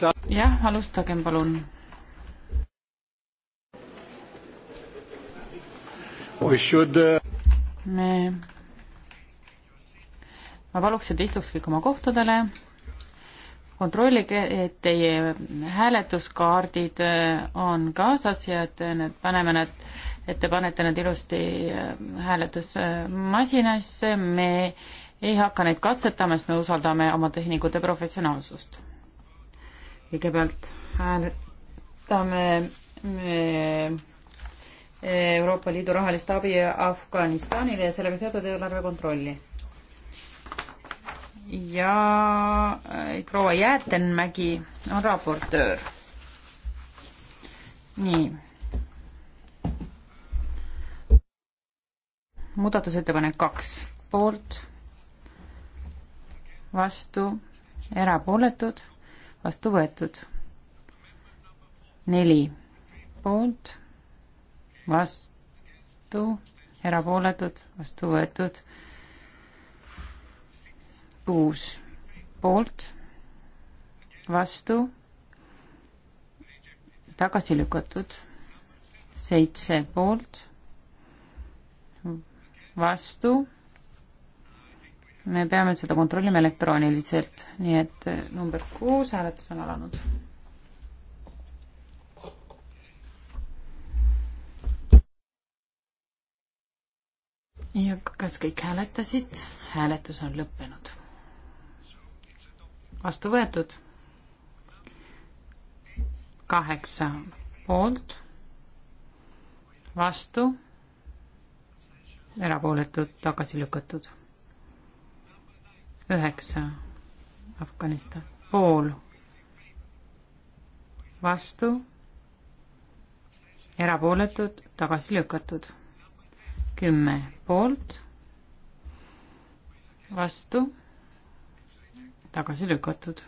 jah, alustagem palun. Should... Uh, me, ma paluks, et istuks kõik oma kohtadele, kontrollige, et teie hääletuskaardid äh, on kaasas ja et need, paneme need, et te panete need ilusti äh, hääletusmasinasse, me ei hakka neid katsetama, sest me usaldame oma tehnikute professionaalsust kõigepealt hääletame e, Euroopa Liidu rahalist abi Afganistanile ja sellega seotud eelarve kontrolli. ja e, proua Jäätenmägi on raportöör. nii. muudatusettepanek kaks, poolt, vastu, erapooletud vastu võetud. neli poolt, vastu, erapooletud, vastu võetud. kuus poolt, vastu, tagasi lükatud. seitse poolt, vastu me peame seda kontrollima elektrooniliselt, nii et eh, number kuus hääletus on alanud. ja kas kõik hääletasid? hääletus on lõppenud. vastu võetud. kaheksa poolt, vastu, erapooletud, tagasi lükatud üheksa Afganistan pool, vastu, erapooletud, tagasi lükatud. kümme poolt, vastu, tagasi lükatud.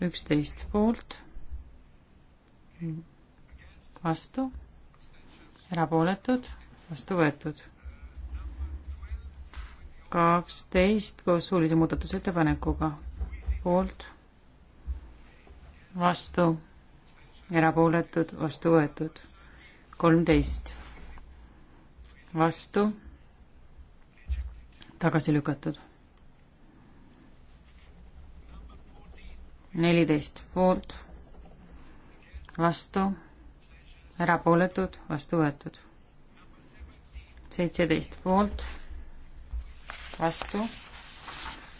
üksteist poolt, vastu, erapooletud, vastu võetud kaksteist koos suulise muudatusettepanekuga. poolt, vastu, erapooletud, vastu võetud. kolmteist, vastu, tagasi lükatud. neliteist poolt, vastu, erapooletud, vastu võetud. seitseteist poolt vastu,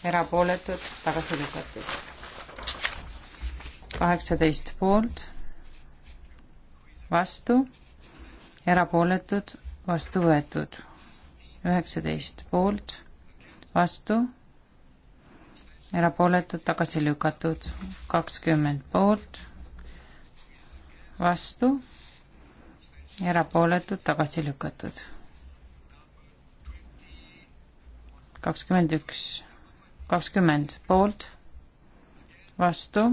erapooletud, tagasi lükatud. kaheksateist poolt, vastu, erapooletud, vastu võetud. üheksateist poolt, vastu, erapooletud, tagasi lükatud. kakskümmend poolt, vastu, erapooletud, tagasi lükatud kakskümmend üks, kakskümmend poolt, vastu,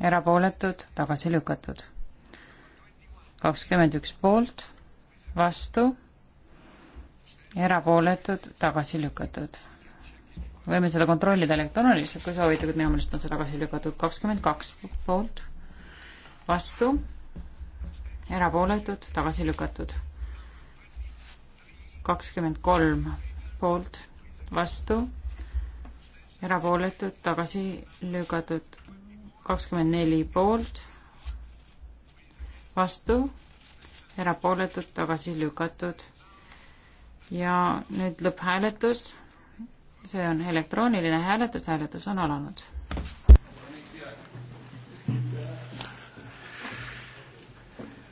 erapooletud, tagasi lükatud. kakskümmend üks poolt, vastu, erapooletud, tagasi lükatud. võime seda kontrollida elektrooniliselt, kui soovite, kuid minu meelest on see tagasi lükatud. kakskümmend kaks poolt, vastu, erapooletud, tagasi lükatud. kakskümmend kolm poolt, vastu, erapooletud, tagasi lükatud. kakskümmend neli poolt, vastu, erapooletud, tagasi lükatud. ja nüüd lõpphääletus. see on elektrooniline hääletus, hääletus on alanud.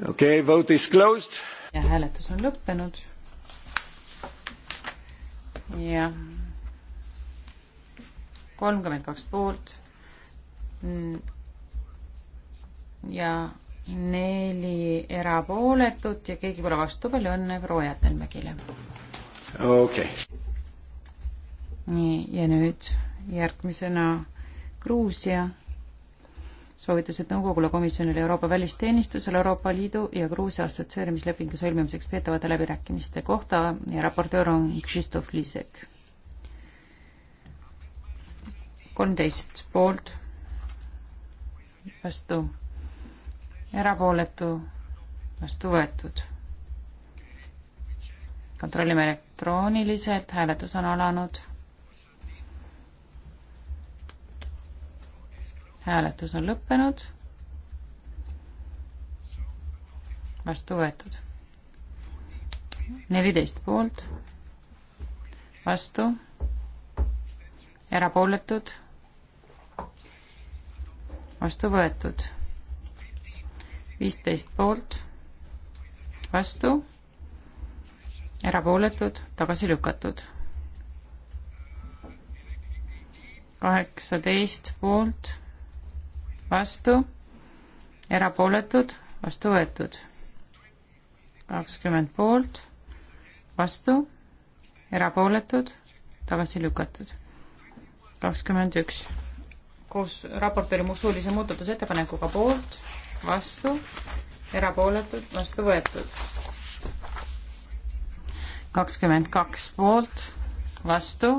okei okay,, vote is closed. ja hääletus on lõppenud jah. kolmkümmend kaks poolt. ja neli erapooletut ja keegi pole vastu, palju õnne proua Jätelmägile. okei okay.. nii, ja nüüd järgmisena Gruusia soovitused nõukogule, komisjonile, Euroopa välisteenistusele, Euroopa Liidu ja Gruusia assotsieerimislepingu sõlmimiseks peetavate läbirääkimiste kohta ja raportöör on Krzysztof Lisek. kolmteist poolt, vastu, erapooletu, vastu võetud. kontrollime elektrooniliselt, hääletus on alanud hääletus on lõppenud. vastu võetud. neliteist poolt, vastu, erapooletud, vastu võetud. viisteist poolt, vastu, erapooletud, tagasi lükatud kaheksateist poolt, vastu, erapooletud, vastu võetud. kakskümmend poolt, vastu, erapooletud, tagasi lükatud. kakskümmend üks koos raportööri suulise muudatusettepanekuga poolt, vastu, erapooletud, vastu võetud. kakskümmend kaks poolt, vastu,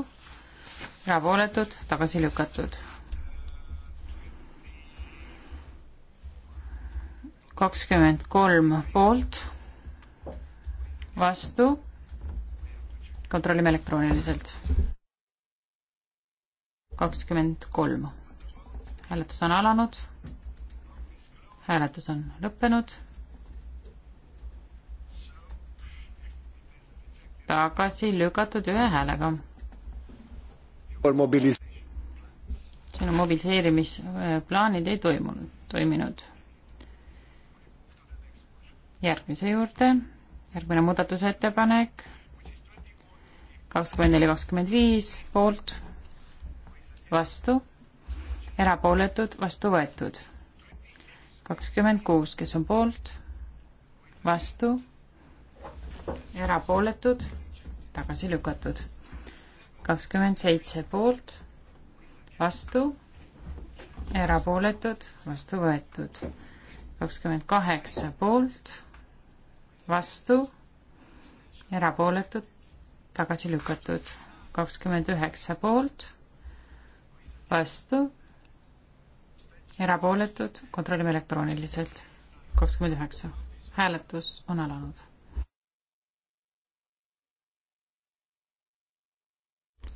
erapooletud, tagasi lükatud kakskümmend kolm poolt, vastu, kontrollime elektrooniliselt. kakskümmend kolm. hääletus on alanud. hääletus on lõppenud. tagasi lükatud ühe häälega. siin on mobiliseerimisplaanid ei toimunud, toiminud järgmise juurde, järgmine muudatusettepanek, kakskümmend neli, kakskümmend viis, poolt, vastu, erapooletud, vastu võetud. kakskümmend kuus, kes on poolt, vastu, erapooletud, tagasi lükatud. kakskümmend seitse poolt, vastu, erapooletud, vastu võetud. kakskümmend kaheksa poolt vastu, erapooletud, tagasi lükatud. kakskümmend üheksa poolt, vastu, erapooletud, kontrollime elektrooniliselt. kakskümmend üheksa. hääletus on alanud.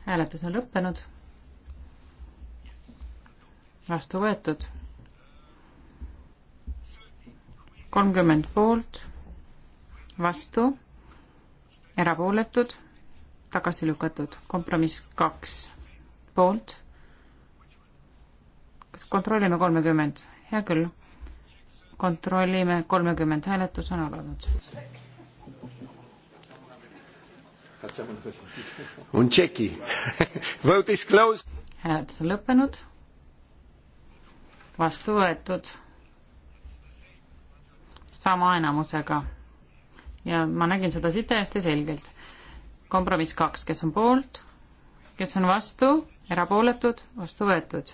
hääletus on lõppenud. vastu võetud. kolmkümmend poolt vastu, erapooletud, tagasi lükatud. kompromiss kaks, poolt. kas kontrollime kolmekümmend? hea küll. kontrollime kolmekümmend, hääletus on alanud. Un tšeki. Vote is closed. hääletus on lõppenud. vastu võetud sama enamusega ja ma nägin seda siit täiesti selgelt. kompromiss kaks, kes on poolt, kes on vastu, erapooletud, vastu võetud.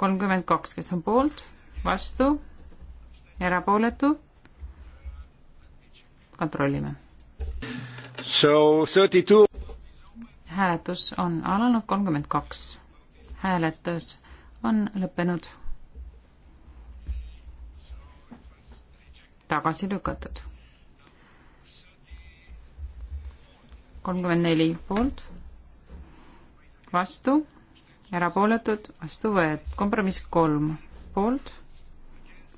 kolmkümmend kaks, kes on poolt, vastu, erapooletu, kontrollime. So thirty two hääletus on alanud, kolmkümmend kaks hääletus on lõppenud. tagasi lükatud. kolmkümmend neli poolt, vastu, erapooletud, vastu võetud. kompromiss kolm poolt,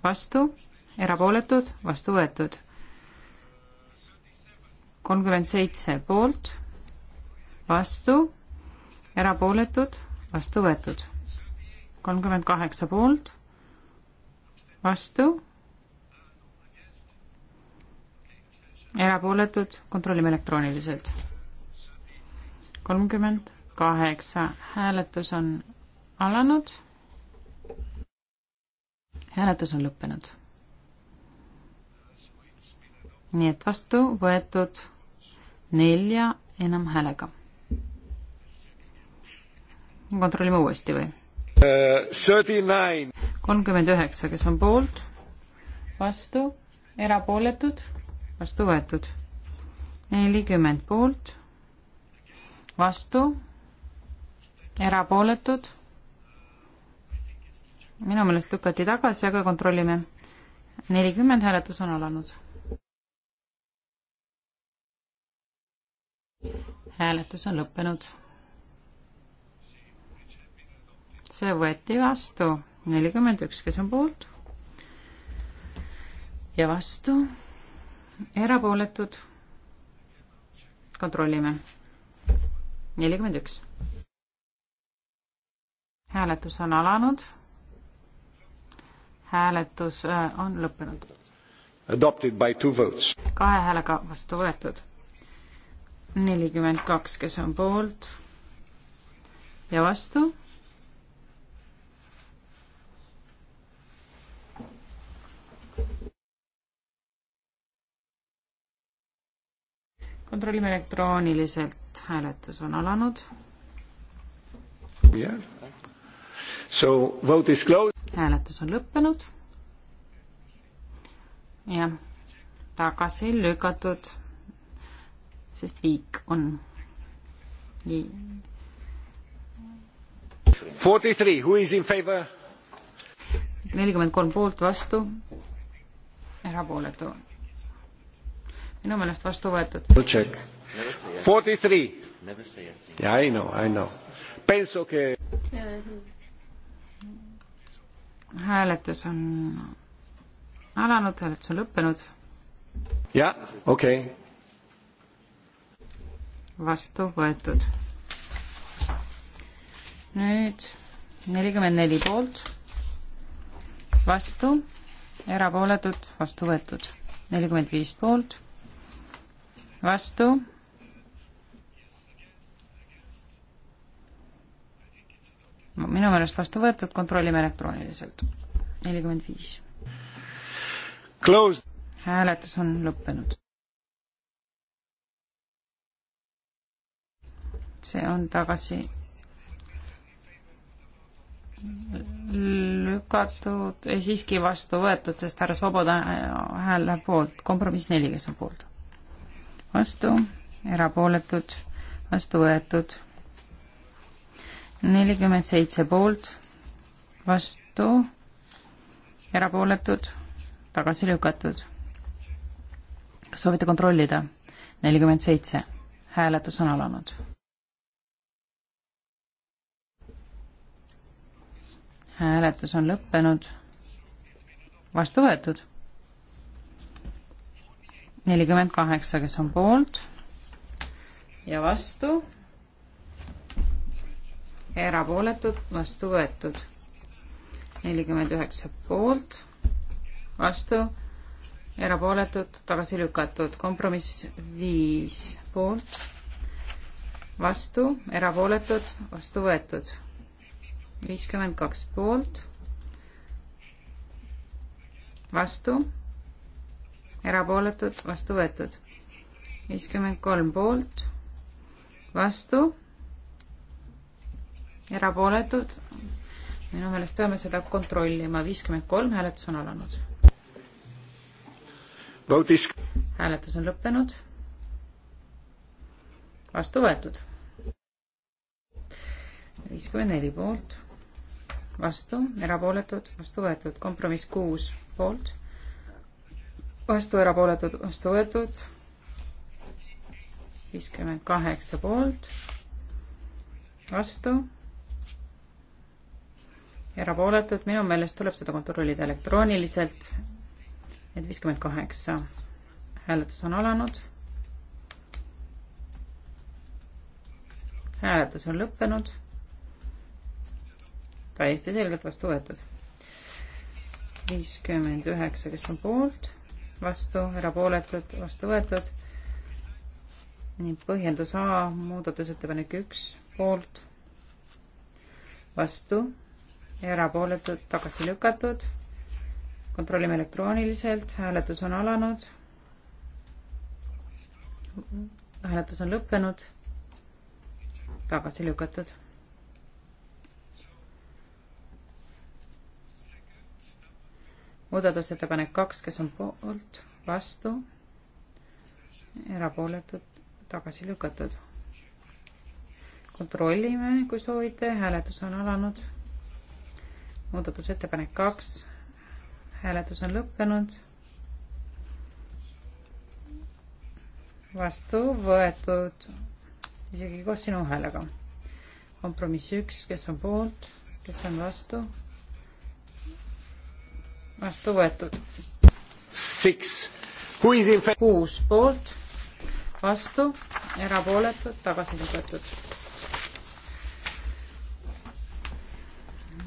vastu, erapooletud, vastu võetud. kolmkümmend seitse poolt, vastu, erapooletud, vastu võetud. kolmkümmend kaheksa poolt, vastu, erapooletud, kontrollime elektrooniliselt kolmkümmend kaheksa, hääletus on alanud. hääletus on lõppenud. nii et vastu võetud nelja enamhäälega. kontrollime uuesti või? kolmkümmend üheksa, kes on poolt, vastu, erapooletud, vastu võetud. nelikümmend poolt vastu, erapooletud. minu meelest lükati tagasi, aga kontrollime. nelikümmend hääletus on alanud. hääletus on lõppenud. see võeti vastu, nelikümmend üks, kes on poolt ja vastu, erapooletud. kontrollime nelikümmend üks. hääletus on alanud. hääletus äh, on lõppenud. Adopted by two votes. kahe häälega vastu võetud. nelikümmend kaks, kes on poolt ja vastu kontrollime elektrooniliselt, hääletus on alanud. hääletus on lõppenud. jah, tagasi lükatud, sest viik on. nelikümmend kolm poolt vastu, erapooletu minu meelest vastu võetud. Yeah, I know, I know. Penso che... hääletus on alanud, hääletus on lõppenud. jah yeah,, okei okay.. vastu võetud. nüüd nelikümmend neli poolt, vastu, erapooletud, vastu võetud. nelikümmend viis poolt vastu. minu meelest vastu võetud, kontrollime elektrooniliselt. nelikümmend viis. hääletus on lõppenud. see on tagasi lükatud, siiski vastu võetud, sest härra Svoboda hääl läheb poolt, kompromiss neli, kes on poolt vastu, erapooletud, vastu võetud. nelikümmend seitse poolt, vastu, erapooletud, tagasi lükatud. kas soovite kontrollida? nelikümmend seitse, hääletus on alanud. hääletus on lõppenud, vastu võetud nelikümmend kaheksa, kes on poolt ja vastu. erapooletud, vastu võetud. nelikümmend üheksa poolt, vastu, erapooletud, tagasi lükatud. kompromiss viis poolt, vastu, erapooletud, vastu võetud. viiskümmend kaks poolt, vastu erapooletud, vastu võetud. viiskümmend kolm poolt, vastu, erapooletud. minu meelest peame seda kontrollima, viiskümmend kolm hääletus on alanud. hääletus on lõppenud. vastu võetud. viiskümmend neli poolt, vastu, erapooletud, vastu võetud, kompromiss kuus poolt vastu erapooletud, vastu võetud. viiskümmend kaheksa poolt, vastu, erapooletud, minu meelest tuleb seda kontrollida elektrooniliselt. et viiskümmend kaheksa, hääletus on alanud. hääletus on lõppenud. täiesti selgelt vastu võetud. viiskümmend üheksa, kes on poolt vastu, erapooletud, vastu võetud. nii, põhjendus A, muudatusettepanek üks, poolt, vastu, erapooletud, tagasi lükatud. kontrollime elektrooniliselt, hääletus on alanud. hääletus on lõppenud, tagasi lükatud muudatusettepanek kaks, kes on poolt, vastu, erapooletud, tagasi lükatud. kontrollime, kui soovite, hääletus on alanud. muudatusettepanek kaks, hääletus on lõppenud. vastu võetud isegi koos sinu häälega. kompromiss üks, kes on poolt, kes on vastu vastu võetud. kuus poolt, vastu, erapooletud, tagasi lükatud.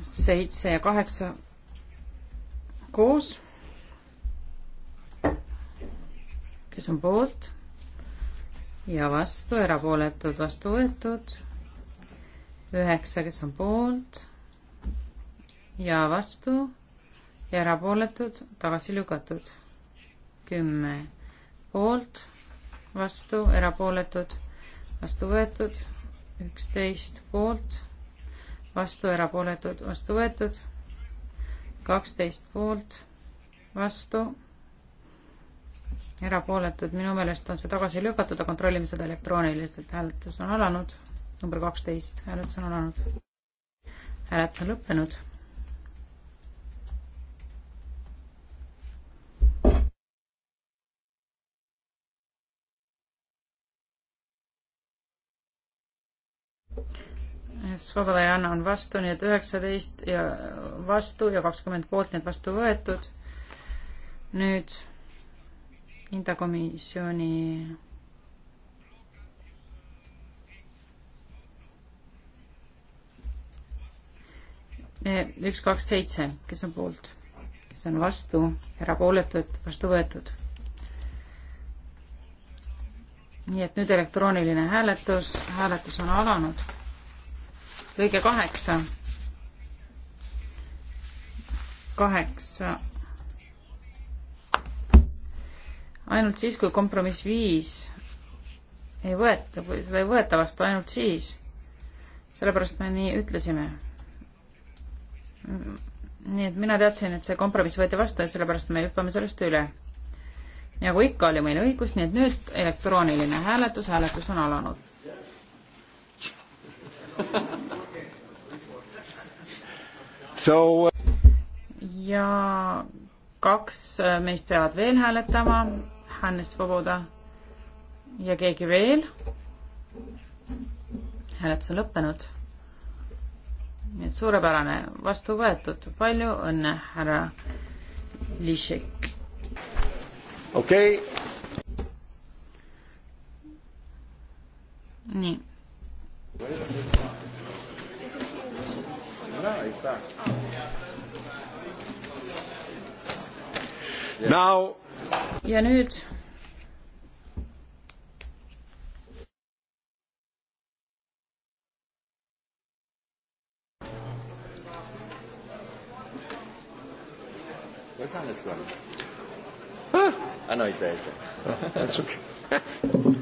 seitse ja kaheksa koos. kes on poolt ja vastu, erapooletud, vastu võetud. üheksa, kes on poolt ja vastu erapooletud, tagasi lükatud. kümme poolt, vastu, erapooletud, vastu võetud, üksteist poolt, vastu, erapooletud, vastu võetud, kaksteist poolt, vastu, erapooletud, minu meelest on see tagasi lükatud, aga kontrollime seda elektrooniliselt, hääletus on alanud, number kaksteist, hääletus on alanud. hääletus on lõppenud Svoboda ja Anna on vastu, nii et üheksateist ja vastu ja kakskümmend poolt, nii et vastu võetud. nüüd hindakomisjoni e, üks, kaks, seitse, kes on poolt, kes on vastu, erapooletud, vastu võetud. nii et nüüd elektrooniline hääletus, hääletus on alanud lõige kaheksa. kaheksa. ainult siis, kui kompromiss viis ei võeta, kui seda ei võeta vastu, ainult siis. sellepärast me nii ütlesime. nii et mina teadsin, et see kompromiss võeti vastu ja sellepärast me hüppame sellest üle. nagu ikka, oli meil õigus, nii et nüüd elektrooniline hääletus, hääletus on alanud So... Uh, ja kaks meist peavad veel hääletama, Hannes Voboda ja keegi veel. hääletus on lõppenud. nii et suurepärane, vastu võetud, palju õnne, härra Lišek. okei okay.. nii. No, he's back. Yeah. Now. ja nüüd Where's Hannes gone? Ah. I know he's there, he's there. That's okay.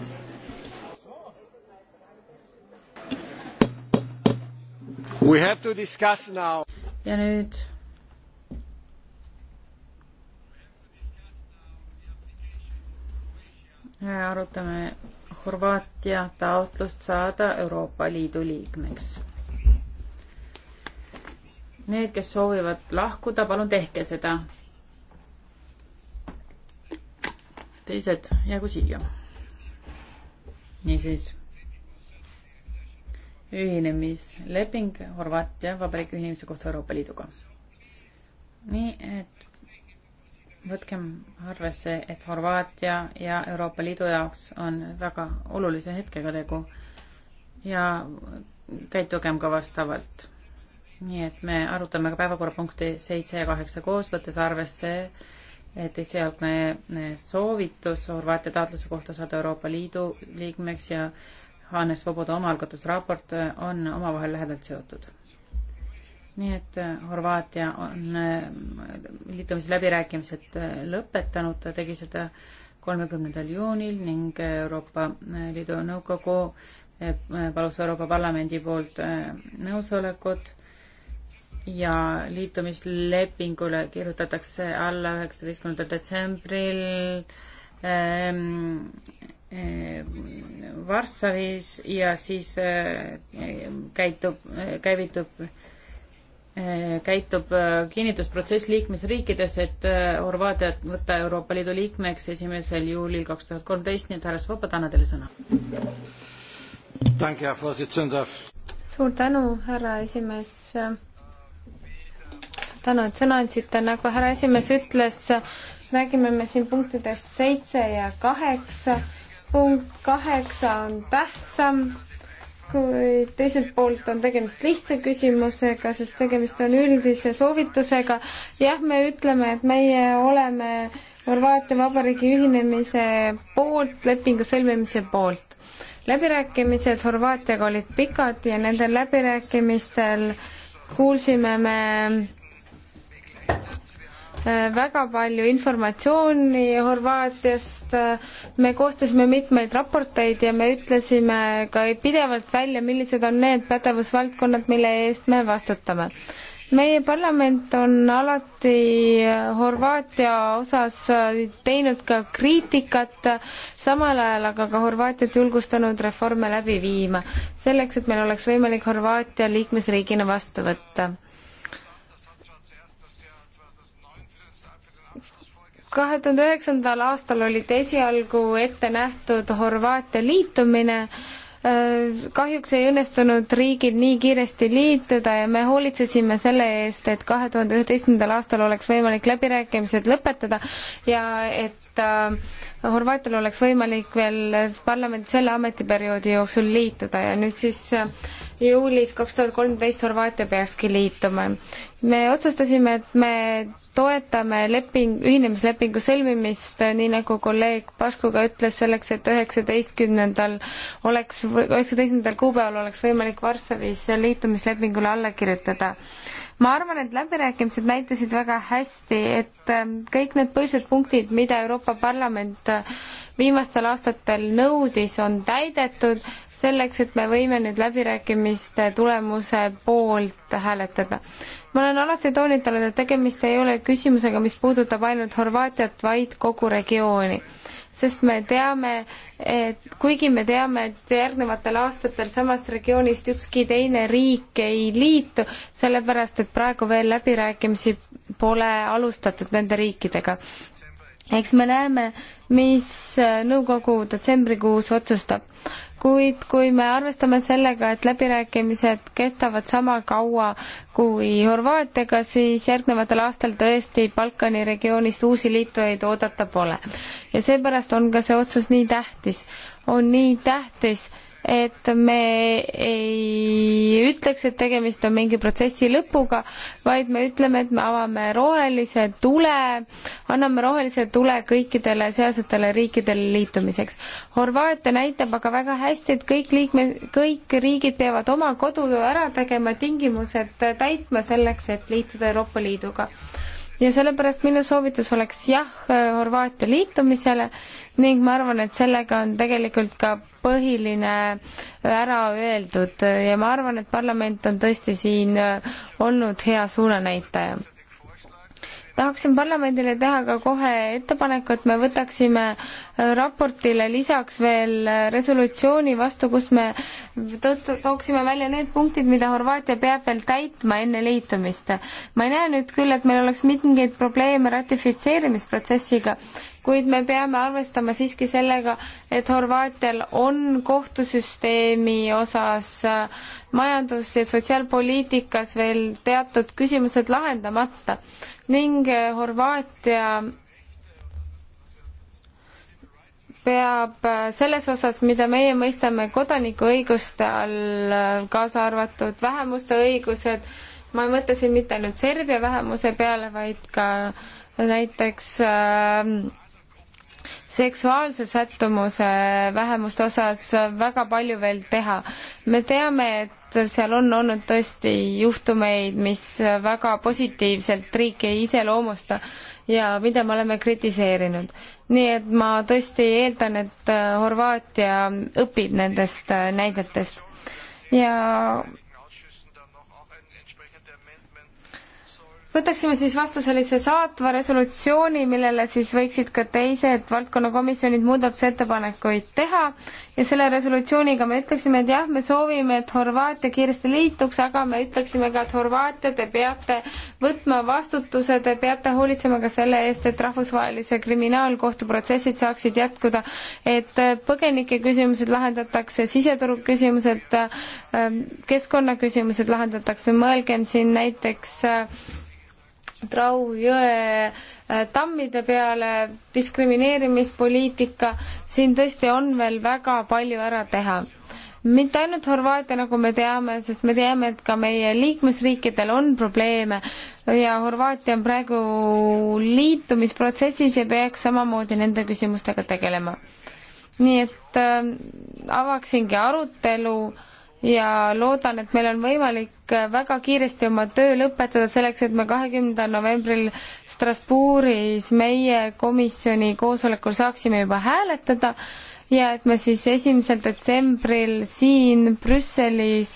ja nüüd arutame Horvaatia taotlust saada Euroopa Liidu liikmeks. Need, kes soovivad lahkuda, palun tehke seda. teised, jäägu siia. niisiis ühinemisleping Horvaatia Vabariigi ühinemise kohta Euroopa Liiduga. nii et võtkem arvesse, et Horvaatia ja Euroopa Liidu jaoks on väga olulise hetkega tegu ja käitugem ka vastavalt. nii et me arutame ka päevakorrapunkti seitse ja kaheksa koos, võttes arvesse, et esialgne soovitus Horvaatia taotluse kohta saada Euroopa Liidu liikmeks ja Hannes Voboda omaalgatusraport äh, on omavahel lähedalt seotud. nii et äh, Horvaatia on äh, liitumisläbirääkimised lõpetanud, ta tegi seda kolmekümnendal juunil ning Euroopa Liidu Nõukogu palus Euroopa Parlamendi poolt nõusolekut ja liitumislepingule kirjutatakse alla üheksateistkümnendal detsembril ähm, Äh, Varssavis ja siis äh, käitub, äh, käivitub, käitub kinnitusprotsess liikmesriikides, et Horvaatiat võtta Euroopa Liidu liikmeks esimesel juulil kaks tuhat kolmteist, nii et härra Svoboda, annan teile sõna. suur tänu, härra esimees. tänu, et sõna andsite, nagu härra esimees ütles, räägime me siin punktidest seitse ja kaheksa punkt kaheksa on tähtsam, kuid teiselt poolt on tegemist lihtsa küsimusega, sest tegemist on üldise soovitusega. jah, me ütleme, et meie oleme Horvaatia Vabariigi ühinemise poolt, lepingu sõlmimise poolt. läbirääkimised Horvaatiaga olid pikad ja nendel läbirääkimistel kuulsime me Eh, väga palju informatsiooni Horvaatiast, eh, me koostasime mitmeid raporteid ja me ütlesime ka pidevalt välja, millised on need pädevusvaldkonnad, mille eest me vastutame meie parlament on alati eh, Horvaatia osas teinud ka kriitikat, samal ajal aga ka Horvaatiat julgustanud reforme läbi viima, selleks et meil oleks võimalik Horvaatia liikmesriigina vastu võtta. kahe tuhande üheksandal aastal olid esialgu ette nähtud Horvaatia liitumine, äh, kahjuks ei õnnestunud riigil nii kiiresti liituda ja me hoolitsesime selle eest, et kahe tuhande üheteistkümnendal aastal oleks võimalik läbirääkimised lõpetada ja et äh, Horvaatial oleks võimalik veel parlamendi selle ametiperioodi jooksul liituda ja nüüd siis äh, juulis kaks tuhat kolmteist Horvaatia peakski liituma. me otsustasime, et me toetame leping, ühinemislepingu sõlmimist, äh, nii nagu kolleeg Pašku ka ütles, selleks, et üheksateistkümnendal oleks, üheksateistkümnendal kuupäeval oleks võimalik Varssavis liitumislepingule alla kirjutada ma arvan, et läbirääkimised näitasid väga hästi, et ähm, kõik need põhilised punktid, mida Euroopa Parlament äh, viimastel aastatel nõudis, on täidetud selleks, et me võime nüüd läbirääkimiste tulemuse poolt hääletada. ma olen alati toonitanud, et tegemist ei ole küsimusega, mis puudutab ainult Horvaatiat, vaid kogu regiooni sest me teame, et kuigi me teame, et järgnevatel aastatel samast regioonist ükski teine riik ei liitu, sellepärast et praegu veel läbirääkimisi pole alustatud nende riikidega eks me näeme, mis äh, nõukogu detsembrikuus otsustab. kuid kui me arvestame sellega, et läbirääkimised kestavad sama kaua kui Horvaatiaga, siis järgnevatel aastal tõesti Balkani regioonist uusi liitujaid oodata pole. ja seepärast on ka see otsus nii tähtis. on nii tähtis, et me ei ütleks, et tegemist on mingi protsessi lõpuga, vaid me ütleme, et me avame rohelise tule, anname rohelise tule kõikidele sealsetele riikidele liitumiseks. Horvaatia näitab aga väga hästi, et kõik liikme, kõik riigid peavad oma kodutöö ära tegema, tingimused täitma selleks, et liituda Euroopa Liiduga ja sellepärast minu soovitus oleks jah äh, Horvaatia liitumisele ning ma arvan, et sellega on tegelikult ka põhiline äh, ära öeldud ja ma arvan, et parlament on tõesti siin äh, olnud hea suunanäitaja tahaksin parlamendile teha ka kohe ettepaneku, et me võtaksime äh, raportile lisaks veel äh, resolutsiooni vastu, kus me tooksime välja need punktid, mida Horvaatia peab veel täitma enne liitumist. ma ei näe nüüd küll, et meil oleks mingeid probleeme ratifitseerimisprotsessiga kuid me peame arvestama siiski sellega, et Horvaatial on kohtusüsteemi osas äh, majandus- ja sotsiaalpoliitikas veel teatud küsimused lahendamata ning äh, Horvaatia peab äh, selles osas, mida meie mõistame kodanikuõiguste all, kaasa arvatud vähemuste õigused, ma ei mõtle siin mitte ainult Serbia vähemuse peale, vaid ka näiteks äh, seksuaalse sättumuse vähemuste osas väga palju veel teha. me teame, et seal on olnud tõesti juhtumeid, mis väga positiivselt riiki ei iseloomusta ja mida me oleme kritiseerinud. nii et ma tõesti eeldan, et Horvaatia õpib nendest näidetest. ja võtaksime siis vastu sellise saatva resolutsiooni, millele siis võiksid ka teised valdkonnakomisjonid muudatusettepanekuid teha ja selle resolutsiooniga me ütleksime, et jah, me soovime, et Horvaatia kiiresti liituks, aga me ütleksime ka, et Horvaatia, te peate võtma vastutuse, te peate hoolitsema ka selle eest, et rahvusvahelise kriminaalkohtu protsessid saaksid jätkuda, et põgenike küsimused lahendatakse, siseturu küsimused, ähm, keskkonnaküsimused lahendatakse, mõelgem siin näiteks äh, Trau jõe äh, tammide peale, diskrimineerimispoliitika, siin tõesti on veel väga palju ära teha mitte ainult Horvaatia, nagu me teame, sest me teame, et ka meie liikmesriikidel on probleeme ja Horvaatia on praegu liitumisprotsessis ja peaks samamoodi nende küsimustega tegelema. nii et äh, avaksingi arutelu äh, ja loodan, et meil on võimalik äh, väga kiiresti oma töö lõpetada selleks, et me kahekümnendal novembril Strasbourgis meie komisjoni koosolekul saaksime juba hääletada ja et me siis esimesel detsembril siin Brüsselis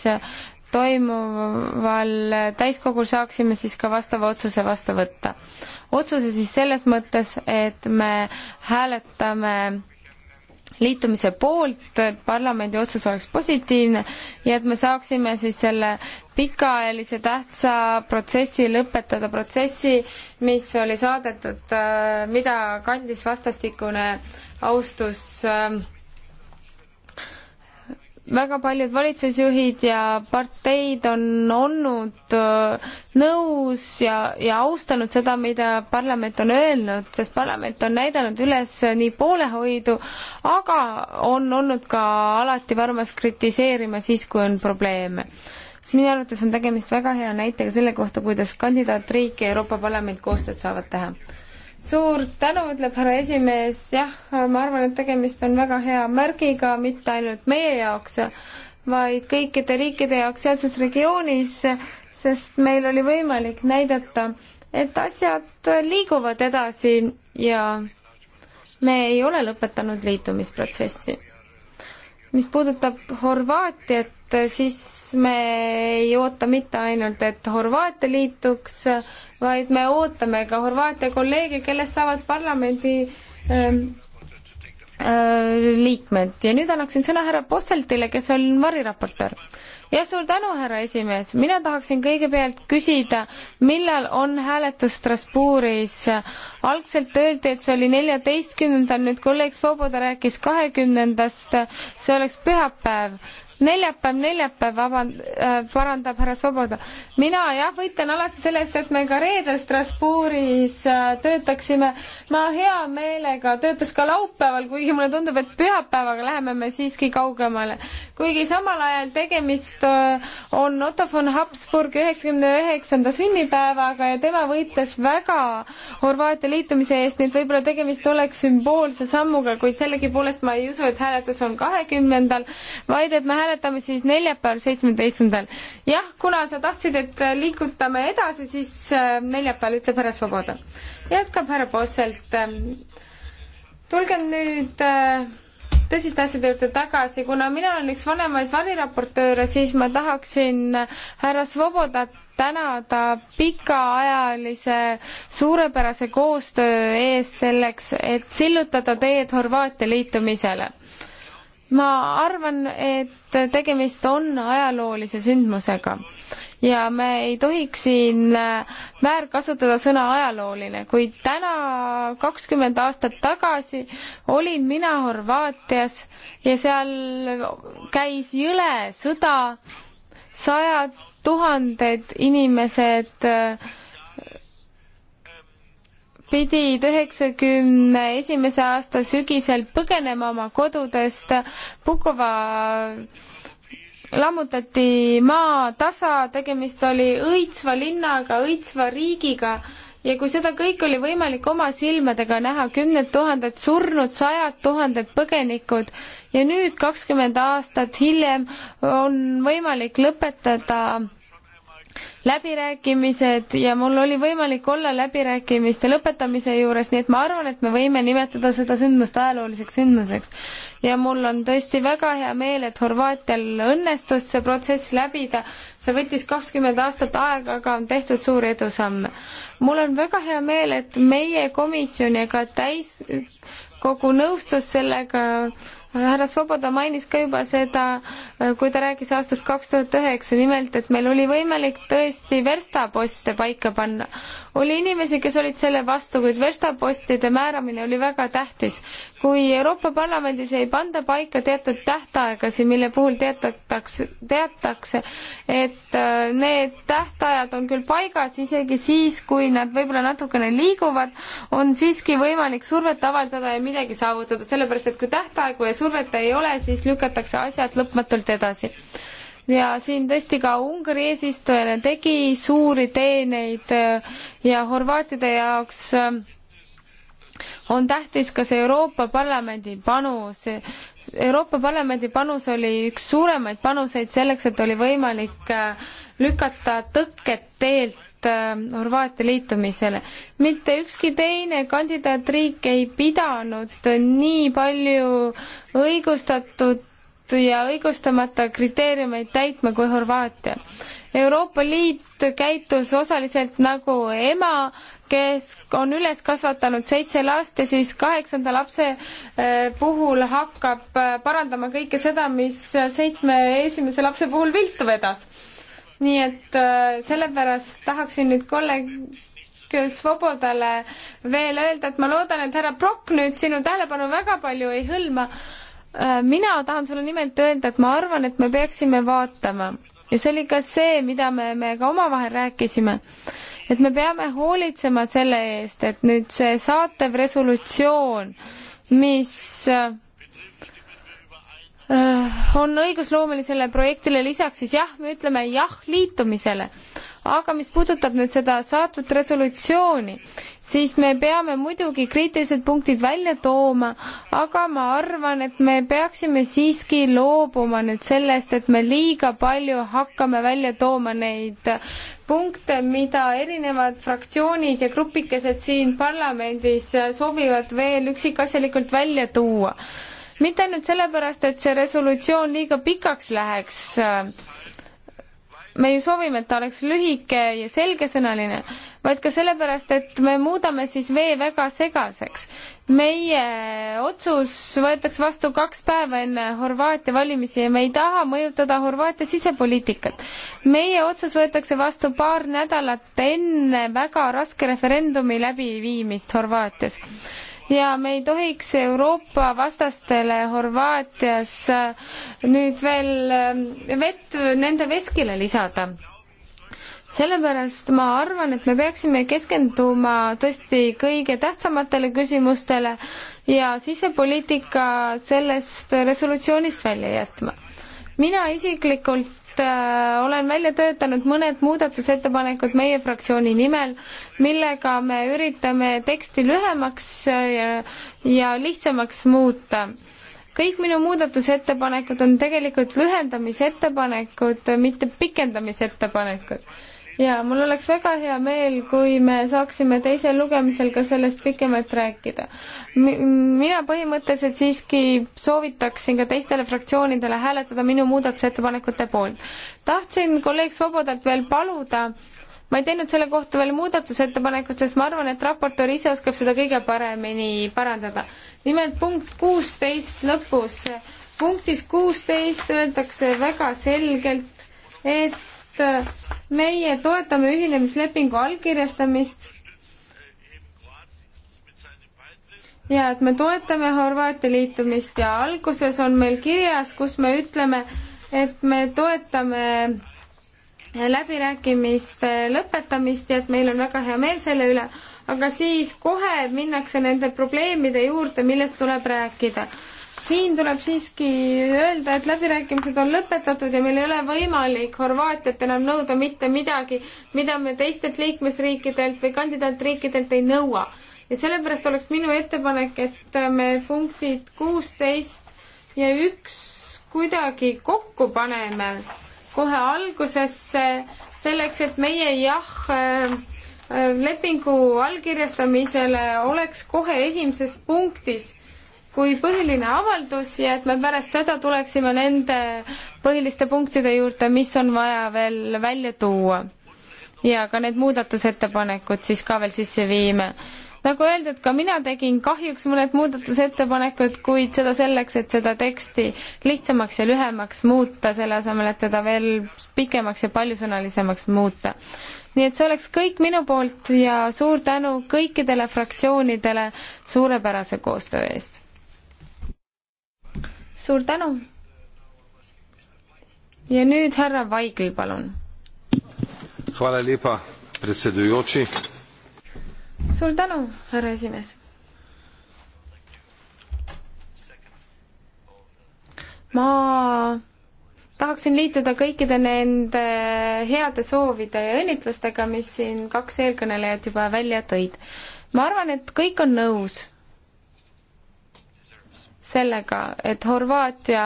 toimuval täiskogul saaksime siis ka vastava otsuse vastu võtta. otsuse siis selles mõttes, et me hääletame liitumise poolt, et parlamendi otsus oleks positiivne ja et me saaksime siis selle pikaajalise tähtsa protsessi lõpetada, protsessi, mis oli saadetud, äh, mida kandis vastastikune austus äh, väga paljud valitsusjuhid ja parteid on olnud äh, nõus ja, ja austanud seda, mida parlament on öelnud, sest parlament on näidanud üles nii poolehoidu, aga on olnud ka alati varmas kritiseerima siis, kui on probleeme. siis minu arvates on tegemist väga hea näitega selle kohta, kuidas kandidaatriik ja Euroopa Parlament koostööd saavad teha suur tänu, ütleb härra esimees, jah, ma arvan, et tegemist on väga hea märgiga, mitte ainult meie jaoks, vaid kõikide riikide jaoks sealses regioonis, sest meil oli võimalik näidata, et asjad liiguvad edasi ja me ei ole lõpetanud liitumisprotsessi. mis puudutab Horvaatiat, siis me ei oota mitte ainult, et Horvaatia liituks, vaid me ootame ka Horvaatia kolleege, kellest saavad parlamendi ähm, äh, liikmed ja nüüd annaksin sõna härra Posseltile, kes on variraportöör. jah, suur tänu, härra esimees, mina tahaksin kõigepealt küsida, millal on hääletus Strasbourgis? algselt öeldi, et see oli neljateistkümnendal, nüüd kolleeg Svoboda rääkis kahekümnendast, see oleks pühapäev neljapäev, neljapäev, vaband- äh,, parandab härra Svoboda. mina jah, võitlen alati selle eest, et me ka reedel Strasbourgis äh, töötaksime. ma hea meelega töötaks ka laupäeval, kuigi mulle tundub, et pühapäevaga läheme me siiski kaugemale. kuigi samal ajal tegemist äh, on Otto von Habsburgi üheksakümne üheksanda sünnipäevaga ja tema võitles väga Horvaatia liitumise eest, nii et võib-olla tegemist oleks sümboolse sammuga, kuid sellegipoolest ma ei usu, et hääletus on kahekümnendal, vaid et me hääletame hääletame siis neljapäeval, seitsmeteistkümnendal. jah, kuna sa tahtsid, et liigutame edasi, siis äh, neljapäeval ütleb härra Svoboda. jätkab härra Posselt. Ähm, tulgem nüüd äh, tõsiste asjade juurde tagasi, kuna mina olen üks vanemaid variraportööre, siis ma tahaksin äh, härra Svobodat tänada pikaajalise suurepärase koostöö eest selleks, et sillutada teed Horvaatia liitumisele ma arvan, et tegemist on ajaloolise sündmusega ja me ei tohiks siin väärkasutada sõna ajalooline, kuid täna kakskümmend aastat tagasi olin mina Horvaatias ja seal käis jõle sõda, sajad tuhanded inimesed äh, pidid üheksakümne esimese aasta sügisel põgenema oma kodudest. Pukova lammutati maatasa, tegemist oli õitsva linnaga, õitsva riigiga ja kui seda kõike oli võimalik oma silmadega näha, kümned tuhanded surnud, sajad tuhanded põgenikud ja nüüd kakskümmend aastat hiljem on võimalik lõpetada läbirääkimised ja mul oli võimalik olla läbirääkimiste lõpetamise juures, nii et ma arvan, et me võime nimetada seda sündmust ajalooliseks sündmuseks. ja mul on tõesti väga hea meel, et Horvaatial õnnestus see protsess läbida, see võttis kakskümmend aastat aega, aga on tehtud suuri edusamme. mul on väga hea meel, et meie komisjon ja ka täiskogu nõustus sellega, härra Svoboda mainis ka juba seda, kui ta rääkis aastast kaks tuhat üheksa, nimelt et meil oli võimalik tõesti verstaposte paika panna. oli inimesi, kes olid selle vastu, kuid verstapostide määramine oli väga tähtis. kui Euroopa Parlamendis ei panda paika teatud tähtaegasi, mille puhul teatatakse, teatakse, et äh, need tähtajad on küll paigas, isegi siis, kui nad võib-olla natukene liiguvad, on siiski võimalik survet avaldada ja midagi saavutada, sellepärast et kui tähtaegu ei survet ei ole, siis lükatakse asjad lõpmatult edasi. ja siin tõesti ka Ungari eesistujana tegi suuri teeneid äh, ja horvaatide jaoks äh, on tähtis ka see Euroopa Parlamendi panus. Euroopa Parlamendi panus oli üks suuremaid panuseid selleks, et oli võimalik äh, lükata tõkked teelt Äh, Horvaatia liitumisele. mitte ükski teine kandidaatriik ei pidanud nii palju õigustatud ja õigustamata kriteeriumeid täitma kui Horvaatia. Euroopa Liit käitus osaliselt nagu ema, kes on üles kasvatanud seitse last ja siis kaheksanda lapse äh, puhul hakkab äh, parandama kõike seda, mis seitsme esimese lapse puhul viltu vedas nii et äh, sellepärast tahaksin nüüd kolleeg Svobodale veel öelda, et ma loodan, et härra Prokk nüüd sinu tähelepanu väga palju ei hõlma. Äh, mina tahan sulle nimelt öelda, et ma arvan, et me peaksime vaatama ja see oli ka see, mida me, me ka omavahel rääkisime, et me peame hoolitsema selle eest, et nüüd see saatev resolutsioon, mis äh, Äh, on õigusloomelisele projektile lisaks siis jah, me ütleme jah liitumisele. aga mis puudutab nüüd seda saatvat resolutsiooni, siis me peame muidugi kriitilised punktid välja tooma, aga ma arvan, et me peaksime siiski loobuma nüüd sellest, et me liiga palju hakkame välja tooma neid punkte, mida erinevad fraktsioonid ja grupikesed siin parlamendis soovivad veel üksikasjalikult välja tuua mitte ainult sellepärast, et see resolutsioon liiga pikaks läheks, me ju soovime, et ta oleks lühike ja selgesõnaline, vaid ka sellepärast, et me muudame siis vee väga segaseks. meie otsus võetakse vastu kaks päeva enne Horvaatia valimisi ja me ei taha mõjutada Horvaatia sisepoliitikat. meie otsus võetakse vastu paar nädalat enne väga raske referendumi läbiviimist Horvaatias ja me ei tohiks Euroopa vastastele Horvaatias äh, nüüd veel äh, vett nende veskile lisada sellepärast ma arvan, et me peaksime keskenduma tõesti kõige tähtsamatele küsimustele ja sisepoliitika sellest resolutsioonist välja jätma. mina isiklikult Äh, olen välja töötanud mõned muudatusettepanekud meie fraktsiooni nimel, millega me üritame teksti lühemaks äh, ja, ja lihtsamaks muuta kõik minu muudatusettepanekud on tegelikult lühendamisettepanekud, mitte pikendamisettepanekud ja mul oleks väga hea meel, kui me saaksime teisel lugemisel ka sellest pikemalt rääkida. mina põhimõtteliselt siiski soovitaksin ka teistele fraktsioonidele hääletada minu muudatusettepanekute poolt. tahtsin kolleeg Svobodalt veel paluda, ma ei teinud selle kohta veel muudatusettepanekut, sest ma arvan, et raportöör ise oskab seda kõige paremini parandada. nimelt punkt kuusteist lõpus. punktis kuusteist öeldakse väga selgelt, et et äh, meie toetame ühinemislepingu allkirjastamist ja et me toetame Horvaatia liitumist ja alguses on meil kirjas, kus me ütleme, et me toetame läbirääkimiste lõpetamist ja et meil on väga hea meel selle üle, aga siis kohe minnakse nende probleemide juurde, millest tuleb rääkida siin tuleb siiski öelda, et läbirääkimised on lõpetatud ja meil ei ole võimalik Horvaatiat enam nõuda mitte midagi, mida me teistelt liikmesriikidelt või kandidaatriikidelt ei nõua. ja sellepärast oleks minu ettepanek, et me punktid kuusteist ja üks kuidagi kokku paneme kohe algusesse, selleks et meie jah äh, äh lepingu allkirjastamisele oleks kohe esimeses punktis kui põhiline avaldus ja et me pärast seda tuleksime nende põhiliste punktide juurde, mis on vaja veel välja tuua. ja ka need muudatusettepanekud siis ka veel sisse viime. nagu öeldud, ka mina tegin kahjuks mõned muudatusettepanekud, kuid seda selleks, et seda teksti lihtsamaks ja lühemaks muuta, selle asemel, et teda veel pikemaks ja paljusõnalisemaks muuta nii et see oleks kõik minu poolt ja suur tänu kõikidele fraktsioonidele suurepärase koostöö eest suur tänu. ja nüüd härra Vaigel, palun. suur tänu, härra esimees. ma tahaksin liituda kõikide nende heade soovide ja õnnitlustega, mis siin kaks eelkõnelejat juba välja tõid. ma arvan, et kõik on nõus sellega, et Horvaatia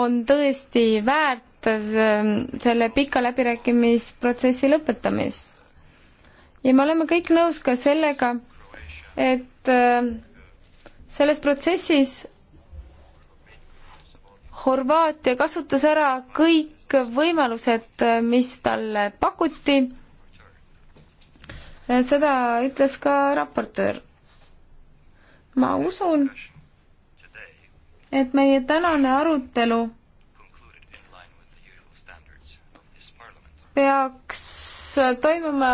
on tõesti väärt selle pika läbirääkimisprotsessi lõpetamist. ja me oleme kõik nõus ka sellega, et äh, selles protsessis Horvaatia kasutas ära kõik võimalused, äh, mis talle pakuti. Äh, seda ütles ka raportöör. ma usun, et meie tänane arutelu peaks toimuma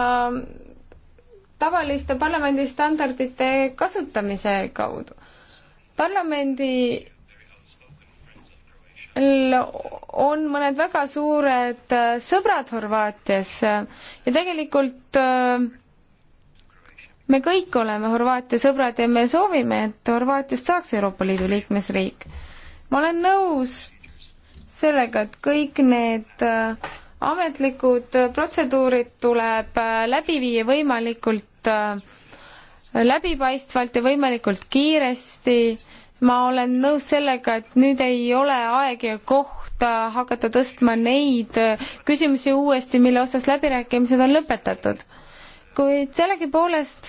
tavaliste parlamendistandardite kasutamise kaudu. parlamendi on mõned väga suured sõbrad Horvaatias ja tegelikult äh, me kõik oleme Horvaatia sõbrad ja me soovime, et Horvaatiast saaks Euroopa Liidu liikmesriik. ma olen nõus sellega, et kõik need äh, ametlikud äh, protseduurid tuleb äh, läbi viia võimalikult läbipaistvalt ja võimalikult kiiresti. ma olen nõus sellega, et nüüd ei ole aeg ja koht hakata tõstma neid küsimusi uuesti, mille osas läbirääkimised on lõpetatud kuid sellegipoolest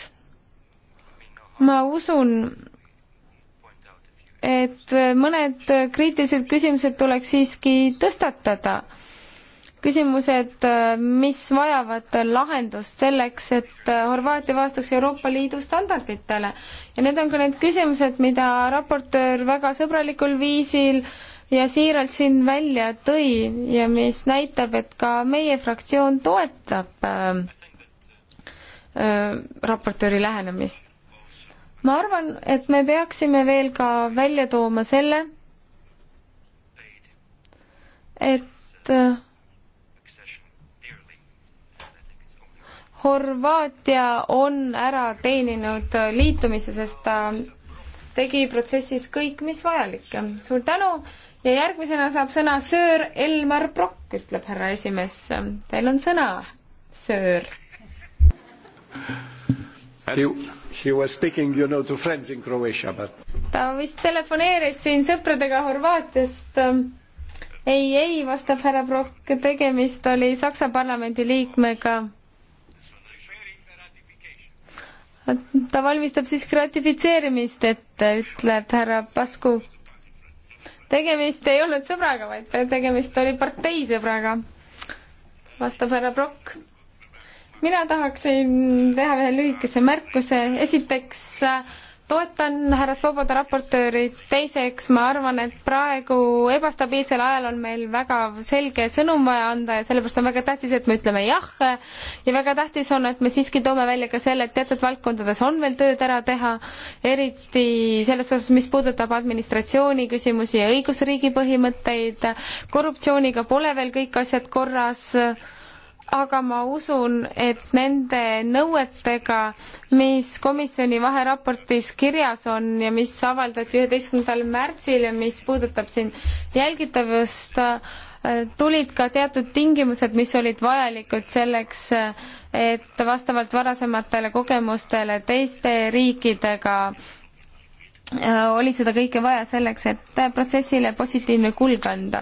ma usun, et mõned kriitilised küsimused tuleks siiski tõstatada. küsimused, mis vajavad lahendust selleks, et Horvaatia vastaks Euroopa Liidu standarditele. ja need on ka need küsimused, mida raportöör väga sõbralikul viisil ja siiralt siin välja tõi ja mis näitab, et ka meie fraktsioon toetab äh, raportööri lähenemist. ma arvan, et me peaksime veel ka välja tooma selle, et Horvaatia on ära teeninud liitumise, sest ta tegi protsessis kõik, mis vajalik. suur tänu ja järgmisena saab sõna söör Elmar Brokk, ütleb härra esimees. Teil on sõna, söör He was speaking, you know, to friends in Croatia, but. ta vist telefoneeris siin sõpradega Horvaatiast. ei, ei, vastab härra Brock, tegemist oli Saksa parlamendi liikmega. ta valmistab siiski ratifitseerimist ette, ütleb härra Pasku. tegemist ei olnud sõbraga, vaid tegemist oli parteisõbraga, vastab härra Brock mina tahaksin teha ühe lühikese märkuse, esiteks toetan härra Svoboda raportööri, teiseks ma arvan, et praegu ebastabiilsel ajal on meil väga selge sõnum vaja anda ja sellepärast on väga tähtis, et me ütleme jah ja väga tähtis on, et me siiski toome välja ka selle, et teatud valdkondades on veel tööd ära teha, eriti selles osas, mis puudutab administratsiooni küsimusi ja õigusriigi põhimõtteid, korruptsiooniga pole veel kõik asjad korras aga ma usun, et nende nõuetega, mis komisjoni vaheraportis kirjas on ja mis avaldati üheteistkümnendal märtsil ja mis puudutab siin jälgitavust, äh, tulid ka teatud tingimused, mis olid vajalikud selleks, äh, et vastavalt varasematele kogemustele teiste riikidega Äh, oli seda kõike vaja selleks, et protsessile positiivne kulg anda.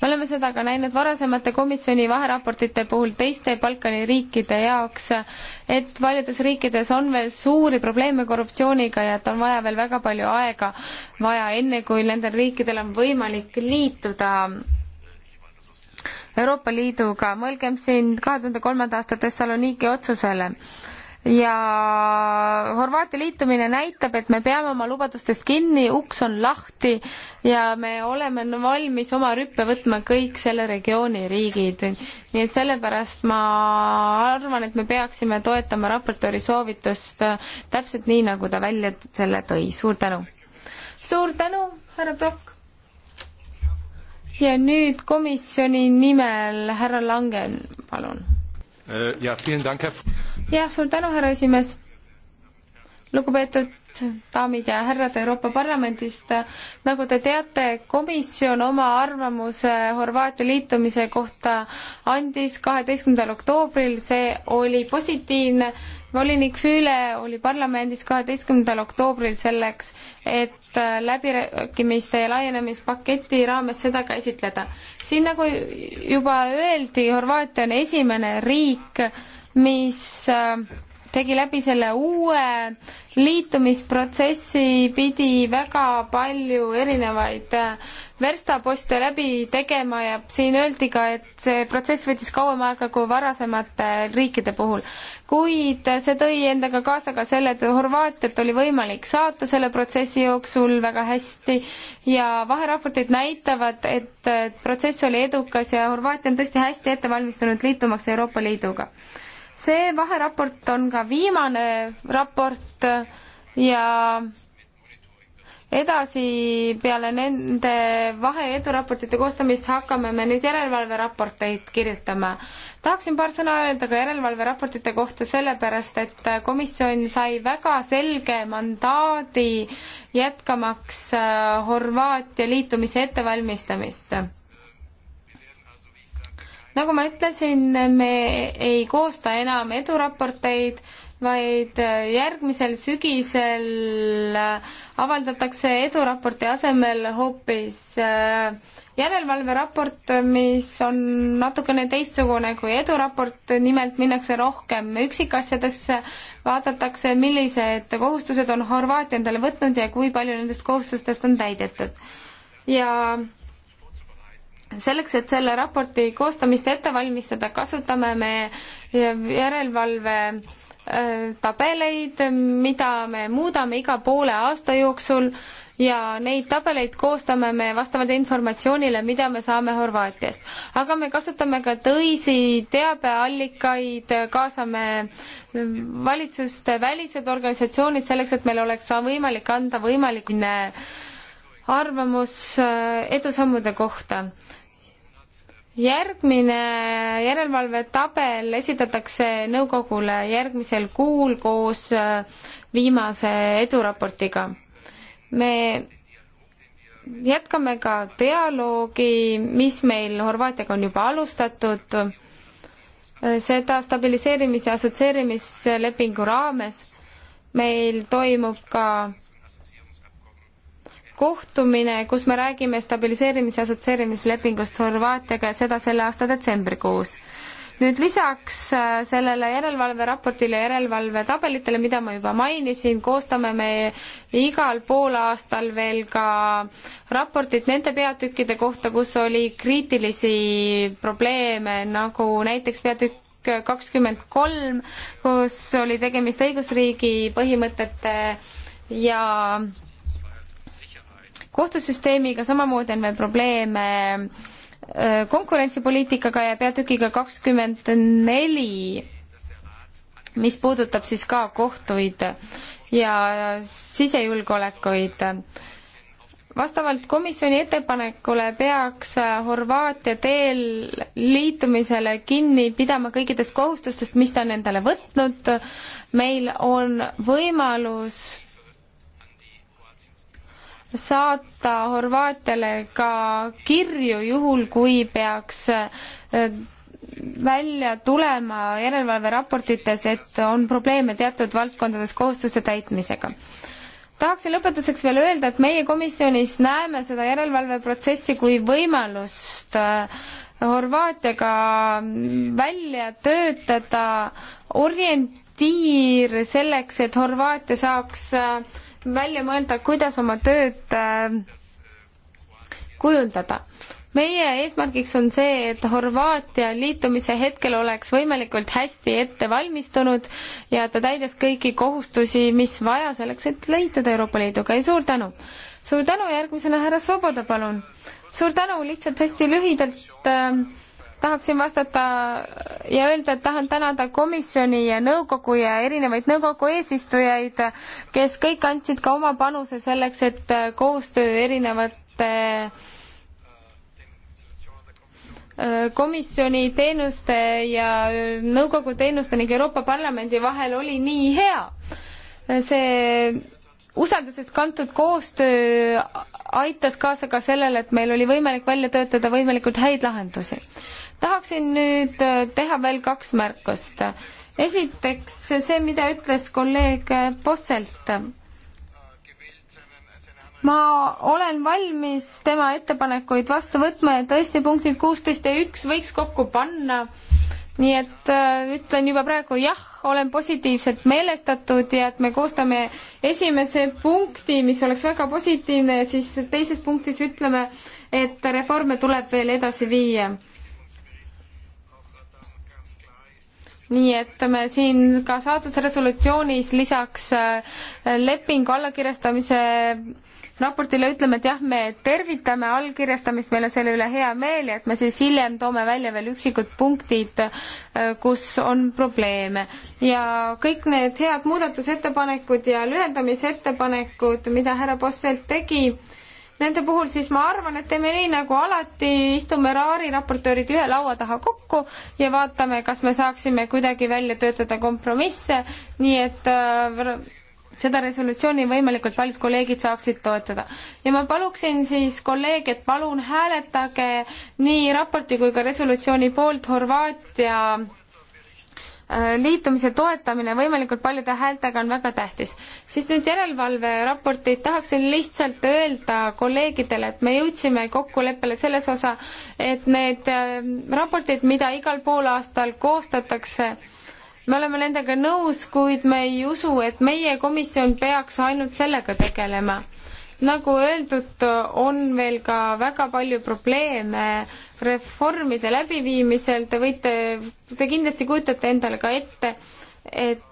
me oleme seda ka näinud varasemate komisjoni vaheraportite puhul teiste Balkani riikide jaoks, et paljudes riikides on veel suuri probleeme korruptsiooniga ja et on vaja veel väga palju aega vaja, enne kui nendel riikidel on võimalik liituda Euroopa Liiduga, mõelgem siin kahe tuhande kolmanda aasta Thessaloniki otsusele ja Horvaatia liitumine näitab, et me peame oma lubadustest kinni, uks on lahti ja me oleme valmis oma rüppe võtma kõik selle regiooni riigid. nii et sellepärast ma arvan, et me peaksime toetama raportööri soovitust täpselt nii, nagu ta välja selle tõi. suur tänu! suur tänu, härra Prokk! ja nüüd komisjoni nimel härra Langen, palun! Äh, ja, vielen Dank, Herr jah, suur tänu, härra esimees. lugupeetud daamid ja härrad Euroopa Parlamendist. nagu te teate, komisjon oma arvamuse Horvaatia liitumise kohta andis kaheteistkümnendal oktoobril, see oli positiivne. volinik Füüle oli parlamendis kaheteistkümnendal oktoobril selleks, et läbirääkimiste ja laienemispaketi raames seda käsitleda. siin nagu juba öeldi, Horvaatia on esimene riik, mis äh, tegi läbi selle uue liitumisprotsessi, pidi väga palju erinevaid äh, verstaposte läbi tegema ja siin öeldi ka, et see protsess võttis kauem aega kui varasemate riikide puhul. kuid see tõi endaga kaasa ka selle, et Horvaatiat oli võimalik saata selle protsessi jooksul väga hästi ja vaheraportid näitavad, et protsess oli edukas ja Horvaatia on tõesti hästi ette valmistunud liitumaks Euroopa Liiduga see vaheraport on ka viimane raport ja edasi peale nende vahe- ja eduraportite koostamist hakkame me nüüd järelevalveraporteid kirjutama. tahaksin paar sõna öelda ka järelevalveraportite kohta, sellepärast et komisjon sai väga selge mandaadi jätkamaks Horvaatia liitumise ettevalmistamist nagu ma ütlesin, me ei koosta enam eduraporteid, vaid järgmisel sügisel avaldatakse eduraporti asemel hoopis äh, järelevalveraport, mis on natukene teistsugune kui eduraport, nimelt minnakse rohkem üksikasjadesse, vaadatakse, millised kohustused on Horvaatia endale võtnud ja kui palju nendest kohustustest on täidetud. ja selleks, et selle raporti koostamist ette valmistada, kasutame me järelevalve äh, tabeleid, mida me muudame iga poole aasta jooksul ja neid tabeleid koostame me vastavalt informatsioonile, mida me saame Horvaatiast. aga me kasutame ka teisi teabeallikaid, kaasame valitsuste välised organisatsioonid selleks, et meil oleks võimalik anda võimalik arvamus äh, edusammude kohta järgmine järelevalvetabel esitatakse nõukogule järgmisel kuul koos äh, viimase eduraportiga. me jätkame ka dialoogi, mis meil Horvaatiaga on juba alustatud, äh, seda stabiliseerimis- ja assotsieerimislepingu raames. meil toimub ka kohtumine, kus me räägime stabiliseerimis- ja assotsieerimislepingust Horvaatiaga ja seda selle aasta detsembrikuus. nüüd lisaks äh, sellele järelevalveraportile ja järelevalvetabelitele, mida ma juba mainisin, koostame me igal poolaastal veel ka raportit nende peatükkide kohta, kus oli kriitilisi probleeme, nagu näiteks peatükk kakskümmend kolm, kus oli tegemist õigusriigi põhimõtete ja kohtusüsteemiga, samamoodi on meil probleeme konkurentsipoliitikaga ja peatükiga kakskümmend neli, mis puudutab siis ka kohtuid ja sisejulgeolekuid vastavalt komisjoni ettepanekule peaks Horvaatia teel liitumisele kinni pidama kõikidest kohustustest, mis ta on endale võtnud. meil on võimalus saata Horvaatiale ka kirju, juhul kui peaks äh, välja tulema järelevalveraportites, et on probleeme teatud valdkondades kohustuste täitmisega tahaksin lõpetuseks veel öelda, et meie komisjonis näeme seda järelevalveprotsessi kui võimalust äh, Horvaatiaga välja töötada orientiir selleks, et Horvaatia saaks äh, välja mõelda, kuidas oma tööd äh, kujundada. meie eesmärgiks on see, et Horvaatia liitumise hetkel oleks võimalikult hästi ette valmistunud ja ta täidas kõiki kohustusi, mis vaja selleks, et liituda Euroopa Liiduga ja suur tänu! suur tänu, järgmisena härra Soboda, palun! suur tänu, lihtsalt hästi lühidalt äh, tahaksin vastata ja öelda, et tahan tänada komisjoni ja nõukogu ja erinevaid nõukogu eesistujaid, kes kõik andsid ka oma panuse selleks, et koostöö erinevate äh, komisjoni teenuste ja nõukogu teenuste ning Euroopa Parlamendi vahel oli nii hea. see usaldusest kantud koostöö aitas kaasa ka sellele, et meil oli võimalik välja töötada võimalikult häid lahendusi tahaksin nüüd äh, teha veel kaks märkust. esiteks see, mida ütles kolleeg Posselt. ma olen valmis tema ettepanekuid vastu võtma ja tõesti punktid kuusteist ja üks võiks kokku panna nii et äh, ütlen juba praegu jah, olen positiivselt meelestatud ja et me koostame esimese punkti, mis oleks väga positiivne ja siis teises punktis ütleme, et reforme tuleb veel edasi viia. nii et me siin ka saatusresolutsioonis lisaks äh, lepingu allakirjastamise raportile ütleme, et jah, me tervitame allkirjastamist, meil on selle üle hea meel ja et me siis hiljem toome välja veel üksikud punktid, äh, kus on probleeme. ja kõik need head muudatusettepanekud ja lühendamisettepanekud, mida härra Posselt tegi, nende puhul, siis ma arvan, et teeme nii nagu alati, istume Raari raportöörid ühe laua taha kokku ja vaatame, kas me saaksime kuidagi välja töötada kompromisse, nii et äh, seda resolutsiooni võimalikult paljud kolleegid saaksid toetada. ja ma paluksin siis kolleeg, et palun hääletage nii raporti kui ka resolutsiooni poolt Horvaatia Äh, liitumise toetamine võimalikult paljude häältega on väga tähtis. siis nüüd järelevalveraportid, tahaksin lihtsalt öelda kolleegidele, et me jõudsime kokkuleppele selles osa, et need ähm, raportid, mida igal poolaastal koostatakse, me oleme nendega nõus, kuid me ei usu, et meie komisjon peaks ainult sellega tegelema nagu öeldud, on veel ka väga palju probleeme reformide läbiviimisel, te võite, te kindlasti kujutate endale ka ette, et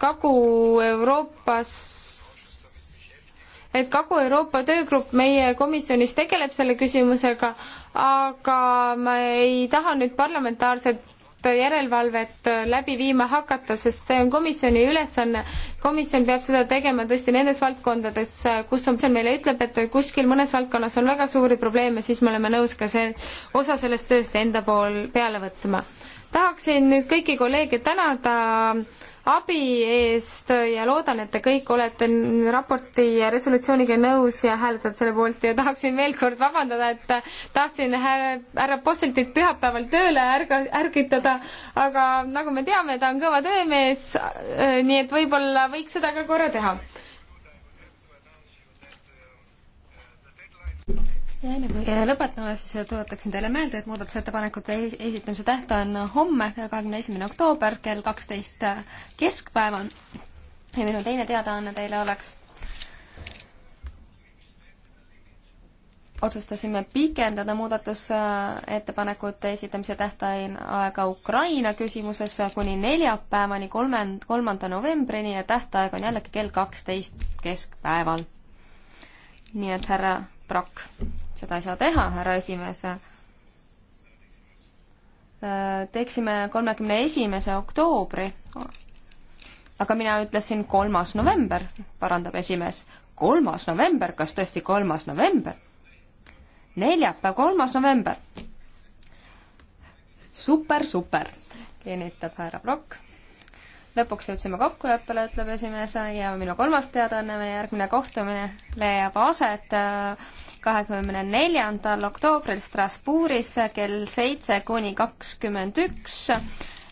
Kagu-Euroopas et Kagu-Euroopa töögrupp meie komisjonis tegeleb selle küsimusega, aga ma ei taha nüüd parlamentaarset järelevalvet äh, läbi viima hakata, sest see on komisjoni ülesanne. komisjon peab seda tegema tõesti nendes valdkondades, äh, kus on, see meile ütleb, et kuskil mõnes valdkonnas on väga suuri probleeme, siis me oleme nõus ka see, osa sellest tööst enda pool peale võtma tahaksin nüüd kõiki kolleege tänada abi eest ja loodan, et te kõik olete raporti ja resolutsiooniga nõus ja hääletate selle poolt ja tahaksin veel kord vabandada, et tahtsin härra Posseltit pühapäeval tööle ärga, ärgitada, aga nagu me teame, ta on kõva töömees, äh, nii et võib-olla võiks seda ka korra teha ja enne kui lõpetame, siis äh, tuletaksin teile meelde, et muudatusettepanekute esitamise tähtaeg on äh, homme, kahekümne esimene oktoober kell kaksteist äh, keskpäeval. ja minu teine teadaanne teile oleks. otsustasime pikendada muudatusettepanekute esitamise tähtaega Ukraina küsimuses kuni neljapäevani, kolmand-, kolmanda novembrini ja tähtaeg on jällegi kell kaksteist keskpäeval. nii et härra Brock seda ei saa teha, härra esimees. Äh, teeksime kolmekümne esimese oktoobri. aga mina ütlesin kolmas november, parandab esimees. kolmas november, kas tõesti kolmas november? neljapäev, kolmas november. super, super, kinnitab härra Prokk lõpuks jõudsime kokkuleppele, ütleb esimees ja minu kolmas teadaanne, meie järgmine kohtumine leiab aset äh, kahekümne neljandal oktoobril Strasbourgis kell seitse kuni kakskümmend üks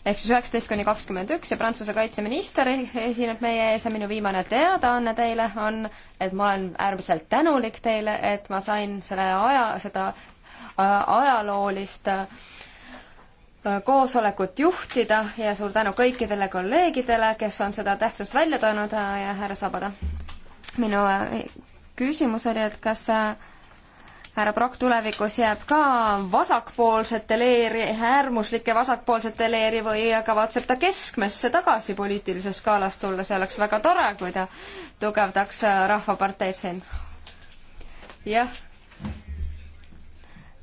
ehk siis üheksateist kuni kakskümmend üks ja Prantsuse kaitseminister esineb meie ees ja minu viimane teadaanne teile on, et ma olen äärmiselt tänulik teile, et ma sain selle aja, seda äh, ajaloolist äh, koosolekut juhtida ja suur tänu kõikidele kolleegidele, kes on seda tähtsust välja toonud äh, ja härra Sabada. minu äh, küsimus oli, et kas äh, härra Prokk tulevikus jääb ka vasakpoolsete leeri, äärmuslike vasakpoolsete leeri või kavatseb ta keskmesse tagasi poliitilises skaalas tulla, see oleks väga tore, kui ta tugevdaks Rahvaparteid siin. jah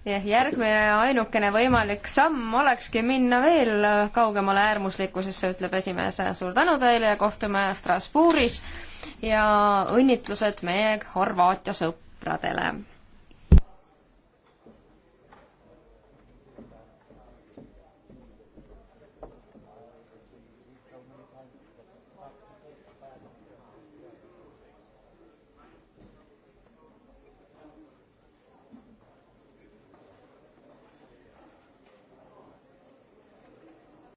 järgmine ainukene võimalik samm olekski minna veel kaugemale äärmuslikkusesse, ütleb esimees. suur tänu teile ja kohtume Strasbourgis ja õnnitlused meie Horvaatia sõpradele